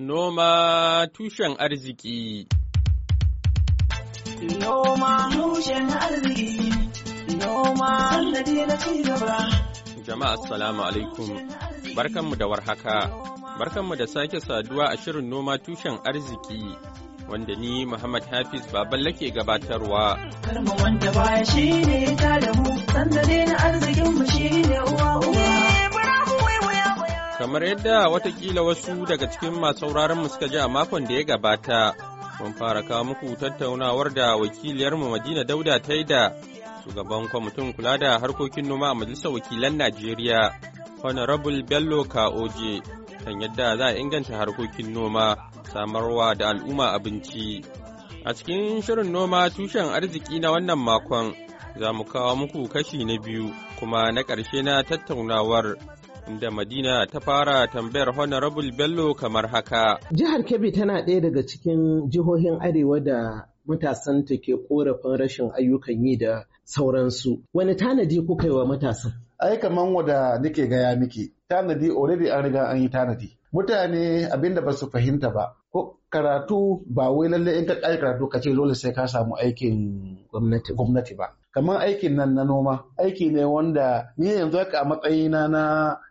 Noma tushen arziki Noma tushen arziki Noma sannadi na gaba. Jama'a assalamu alaikum barkanmu da warhaka barkanmu da sake saduwa a shirin noma tushen arziki wanda ni Muhammad Hafiz Baballe ke gabatarwa. Karma wanda baya shi ne ta da mu, sandare na arzikinmu shi ne uwa uwa. Kamar yadda watakila wasu daga cikin masu mu suka ji a makon da ya gabata, mun fara kawo muku tattaunawar da wakiliyarmu Madina Dauda ta yi da shugaban kwamitin kula da harkokin noma a Majalisar Wakilan Najeriya, Honorable Bello Kaoje, kan yadda za a inganta harkokin noma, samarwa da al'umma abinci. A cikin shirin noma tushen arziki na wannan makon, za mu kawo muku kashi na biyu kuma na ƙarshe na tattaunawar. Da Madina ta fara tambayar Honorable Bello kamar haka. Jihar Kebbi tana ɗaya daga cikin jihohin Arewa da matasan ta ke korafin rashin ayyukan yi da sauransu. Wani tanadi kuka yi wa matasan? Ai kaman wada nake gaya miki, tanadi already an riga an yi tanadi. Mutane abinda ba su fahimta ba, ko karatu ba wai lallai in ka ƙari karatu ka ce dole sai ka samu aikin gwamnati ba kamar aikin nan na noma aiki ne wanda ni yanzu haka a matsayina na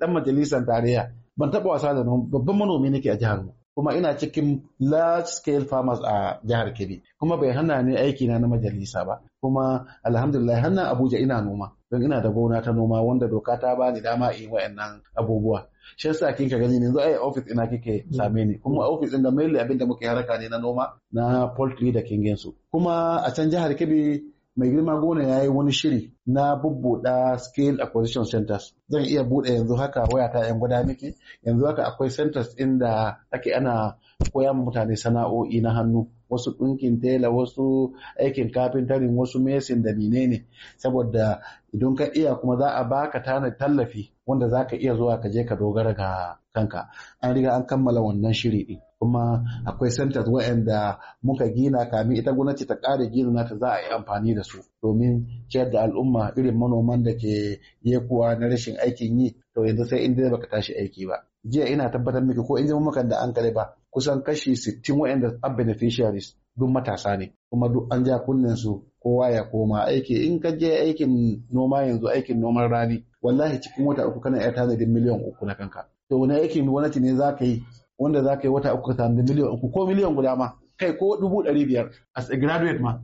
ɗan majalisar tarayya ban taɓa wasa da noma babban manomi nake a jihar mu kuma ina cikin large scale farmers a jihar Kebbi kuma bai hana ni aiki na na majalisa ba kuma alhamdulillah hannan Abuja ina noma don ina da gona ta noma wanda doka ta bani dama in wa'annan abubuwa shi yasa kin ka gani yanzu ai office ina kike same ni kuma office din da mai abin da muke haraka ne na noma na poultry da kingin su kuma a can jihar Kebbi mai girma gona ya yi wani shiri na bubbuda scale acquisition centers zan iya buɗe yanzu haka waya ta yan gwada miki yanzu haka akwai centers inda ake ana koya ma mutane sana'o'i na hannu wasu ɗinkin tela wasu aikin kafintarin wasu mesin da menene saboda idan ka iya kuma za a baka tana tallafi wanda za ka iya zuwa ka je ka dogara ga kanka an riga an kammala wannan shiri din kuma akwai centers waɗanda muka gina kamin ita gwamnati ta ƙara gina nata za a yi amfani da su domin ciyar da al'umma irin manoman da ke yekuwa na rashin aikin yi to yanzu sai in dai baka tashi aiki ba jiya ina tabbatar miki ko in ji mamakan da an kare ba kusan kashi 60 waɗanda are beneficiaries duk matasa ne kuma duk an ja kunnen su kowa ya koma aiki in ka je aikin noma yanzu aikin noman rani wallahi cikin wata uku kana iya tanadin miliyan uku na kanka to wani aikin gwamnati ne za ka yi wanda za ka yi wata uku ka miliyan uku ko miliyan guda ma kai ko dubu ɗari biyar as a graduate ma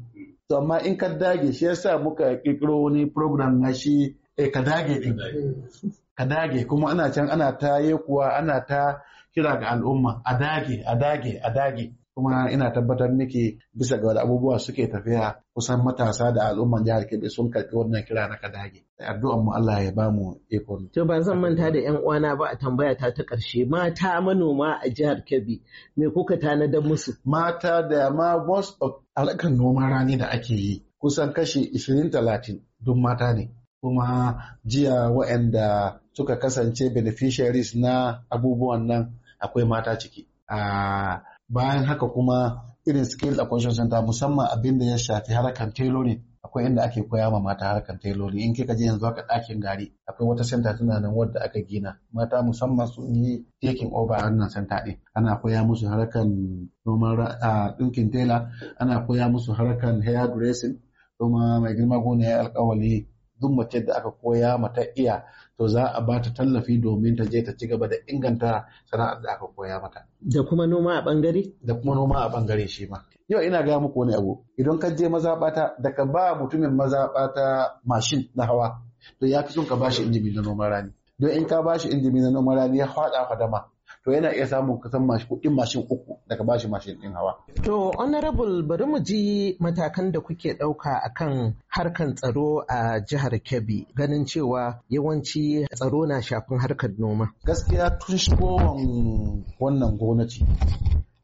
to amma in ka dage shi yasa muka kirkiro wani program na shi eh, ka dage din ka dage kuma ana can ana ta yekuwa ana ta kira ga al'umma a dage a dage a dage kuma ina tabbatar miki bisa ga wani abubuwa suke tafiya kusan matasa da al'umman jihar Kebbi sun karɓi wannan kira na kadage da addu'an mu Allah ya bamu ikon to ba zan manta da ƴan uwana ba a tambaya ta ta ƙarshe mata manoma a jihar Kebbi me kuka tanadar musu mata da ma most of alakan noman rani da ake yi kusan kashi 20-30 duk mata ne kuma jiya waɗanda suka kasance beneficiaries na abubuwan nan akwai mata ciki. Ah, bayan haka kuma irin skill a center musamman abin da ya shafi harkar tailoring akwai inda ake koya ma mata harkar tailoring in kika je yanzu haka ɗakin gari akwai wata center tana nan wadda aka gina mata musamman sun yi taking over a wannan center ɗin ana koya musu harkar noman ɗinkin tela ana koya musu harkar hair dressing kuma mai girma gona ya alkawali duk mace da aka koya mata iya to za a ba ta tallafi domin ta je ta ci gaba da inganta sana'ar da aka koya mata. Da kuma noma a bangare? Da kuma noma a bangare shi ma. Yau ina gaya muku wani abu idan ka je mazaɓata da ka ba mutumin mazaɓata mashin na hawa to ya fi son ka bashi injimi na noman rani. Don in ka bashi injimi na noman rani ya faɗa fadama to yana iya samun kusan kuɗin mashin uku daga bashi mashin ɗin hawa. To honorable bari mu ji matakan da kuke ɗauka akan harkar tsaro a jihar Kebbi ganin cewa yawanci tsaro na shafin harkar noma. Gaskiya tun shigowar wannan gwamnati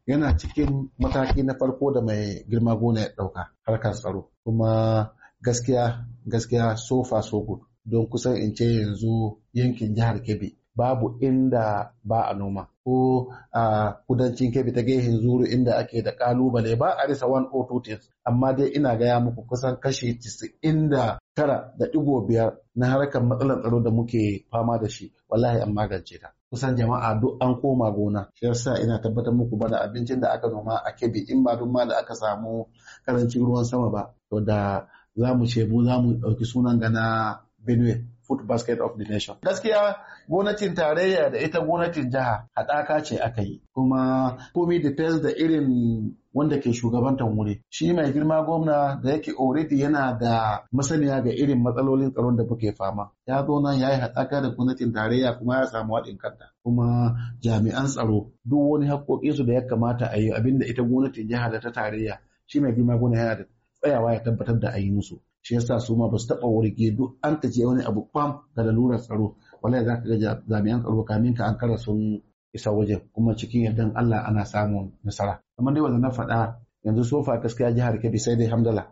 yana cikin mataki na farko da mai girma gona ya ɗauka harkar tsaro kuma gaskiya gaskiya so far so good don kusan in ce yanzu yankin jihar Kebbi babu inda ba a noma ko a kudancin kebbi ta gehen zuru inda ake da kalubale ba a risa 102 amma dai ina gaya muku kusan kashi 99 da digo biyar na harkar matsalar tsaro da muke fama da shi wallahi an magance ta kusan jama'a duk an koma gona shi yasa ina tabbatar muku ba da abincin da aka noma a kebbi in ba duk ma da aka samu karancin ruwan sama ba to da za mu ce mu za mu ɗauki sunan gana benue food basket of the nation. Gaskiya gwamnatin tarayya da ita gwamnatin jiha haɗaka ce aka yi kuma komi depends da irin wanda ke shugabantar wuri shi mai girma gwamna da yake already yana da masaniya ga irin matsalolin tsaron da muke fama ya zo nan ya yi haɗaka da gwamnatin tarayya kuma ya samu haɗin kanta kuma jami'an tsaro duk wani haƙƙoƙinsu da ya kamata a yi abinda ita gwamnatin jiha da ta tarayya shi mai girma gwamna yana da tsayawa ya tabbatar da a yi musu shi yasa su ma ba su taɓa warge duk an tace wani abu kwam ga lalurar tsaro wallahi za ka ga jami'an tsaro kamin ka an kara sun isa wajen kuma cikin yardan Allah ana samun nasara kamar dai wanda na faɗa yanzu sofa gaskiya jihar Kebbi sai dai hamdala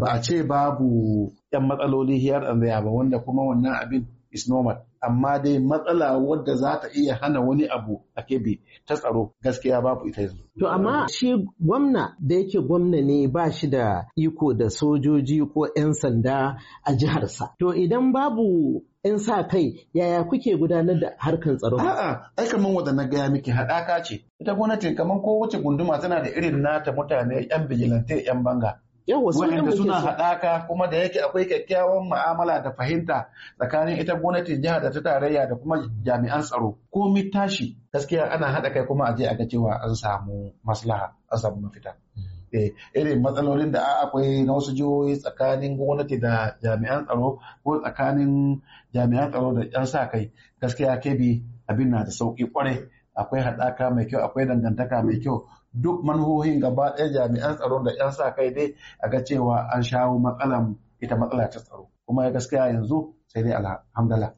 ba a ce babu yan matsaloli hiyar an ba wanda kuma wannan abin is normal amma dai matsala wadda za ta iya hana wani abu a kebe ta tsaro gaskiya babu ita yanzu. To amma shi gwamna da yake gwamna ne ba shi da iko da sojoji ko 'yan sanda a jiharsa. To idan babu 'yan sa kai yaya kuke gudanar da harkar tsaro? A'a, ai kamar wanda na gaya miki haɗaka ce. Ita gwamnatin kaman kowace gunduma tana da irin nata mutane 'yan bijilante 'yan banga. waɗanda suna haɗaka kuma da yake akwai kyakkyawan ma'amala da fahimta tsakanin ita gwamnatin jihar da ta tarayya da kuma jami'an tsaro ko tashi gaskiya ana haɗa kai kuma a je a ga cewa an samu maslaha an samu mafita mm-hmm. eh, irin matsalolin da akwai na wasu jihohi tsakanin gwamnati da jami'an tsaro ko tsakanin jami'an tsaro da 'yan sa kai gaskiya kebi abin na da sauƙi kwarai akwai haɗaka mai kyau akwai dangantaka mai kyau duk manhohin gaba ɗaya jami'an tsaron da 'yan sa kai dai a ga cewa an shawo matsalan ita matsala ta tsaro kuma ya gaskiya yanzu sai dai alhamdulillah.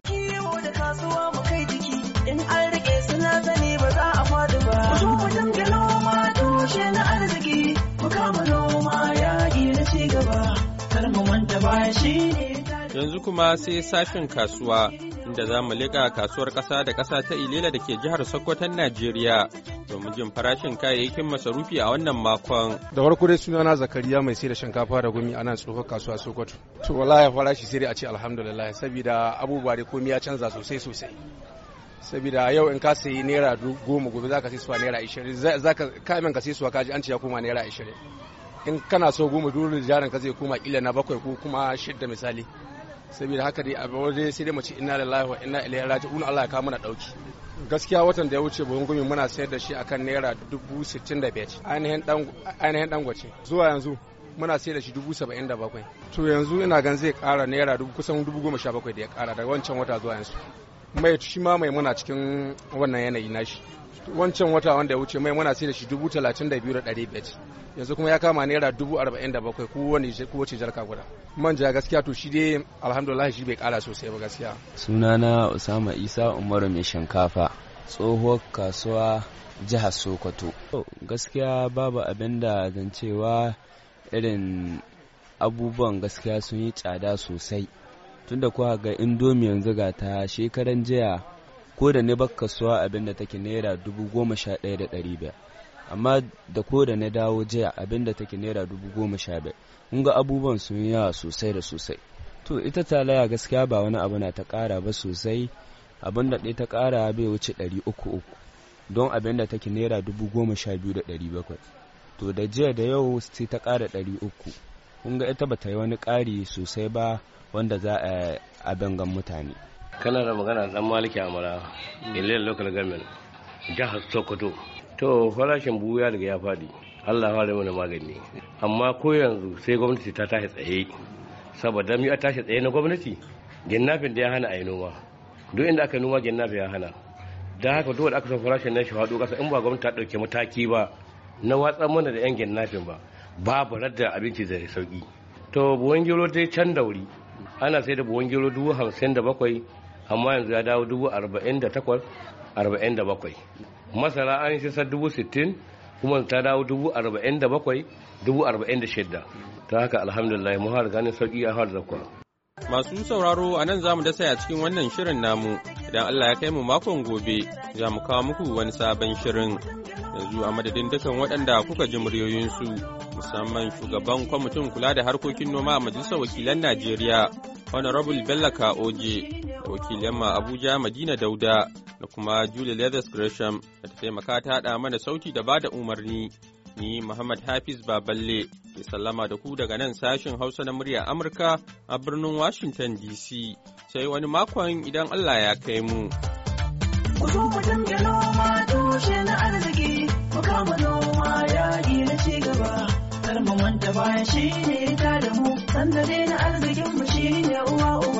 Yanzu kuma sai safin kasuwa inda za mu leƙa kasuwar ƙasa da ƙasa ta Ilela da ke jihar Sokoton Najeriya domin jin farashin kayayyakin masarufi a wannan makon. Da farko dai sunana Zakariya mai sai da shinkafa da gumi a nan tsohon kasuwa Sokoto. To wallahi farashi sai dai a ce alhamdulillah saboda abubuwa da komai ya canza sosai sosai. saboda yau in ka sayi naira goma gobe za ka sai suwa naira ishirin za ka kamin ka sai suwa kaji an ce ya koma naira ishirin in kana so goma dole jarin ka zai koma kila na bakwai ko kuma shidda misali saboda haka dai abu wajen sai dai mace ina lillahi wa ilayen raji unu Allah ya kawo mana dauki gaskiya watan da ya wuce buhun gumi muna sayar da shi akan naira dubu sittin da biyar ainihin dangwace zuwa yanzu muna sayar da shi dubu saba'in da bakwai to yanzu ina gan zai kara naira dubu kusan dubu goma sha bakwai da ya kara daga wancan wata zuwa yanzu mai shi ma mai muna cikin wannan yanayi nashi wancan wata wanda ya wuce mai muna sai da shi dubu talatin da biyu da ɗari biyar yanzu kuma ya kama naira dubu arba'in da bakwai kowace jarka guda manja gaskiya to shi dai alhamdulillah shi bai kara sosai ba gaskiya sunana usama isa umaru mai shinkafa tsohuwar kasuwa jihar sokoto gaskiya babu abin da zan cewa irin abubuwan gaskiya sun yi tsada sosai tunda kuwa ga indomi yanzu ga ta shekaran jiya ko da ni baka suwa abin da take naira dubu goma sha ɗaya da ɗari biyar amma da ko da na dawo jiya abin da take naira dubu goma sha biyar kun ga abubuwan sun yawa sosai da sosai to ita talaya gaskiya ba wani abu na ta ƙara ba sosai abin da ɗaya ta ƙara bai wuce ɗari uku uku don abin da take naira dubu goma sha biyu da ɗari bakwai to da jiya da yau sai ta ƙara ɗari uku kun ga ita ba ta yi wani ƙari sosai ba wanda za a abin gan mutane kana da magana dan maliki amara ilil local government jihar sokoto to farashin buhu ya riga ya fadi allah fara mana magani amma ko yanzu sai gwamnati ta tashi tsaye saboda mu a tashi tsaye na gwamnati ginnafin da ya hana a yi noma duk inda aka noma ginnafin ya hana da haka dole aka san farashin na shi kasa in ba gwamnati ta dauke mataki ba na watsa mana da 'yan ginnafin ba babu radda abinci da sauki to buwan gero dai can da wuri ana sai da buwan gero dubu hamsin da bakwai amma yanzu ya dawo dubu arba'in da takwas arba'in da bakwai masara an shi sa dubu sittin kuma ta dawo dubu arba'in da bakwai dubu arba'in da shidda ta haka alhamdulillah mu har ganin sauki a har zakwa masu sauraro a nan za mu dasa a cikin wannan shirin namu idan allah ya kai mu makon gobe za mu kawo muku wani sabon shirin yanzu a madadin dukan waɗanda kuka ji muryoyinsu musamman shugaban kwamitin kula da harkokin noma a majalisar wakilan najeriya honorable bella Kaoje da wakilin ma abuja madina dauda da kuma julia leathers gresham da ta taimaka ta haɗa mana sauti da bada umarni ni muhammad hafiz baballe ke sallama da ku daga nan sashen hausa na murya amurka a birnin washington dc sai wani makon idan allah ya kai mu. Ku zo na arziki, ku kama Shugaba shi ne ta da mu, sandare na arzikin mu shi ne uwa uwa.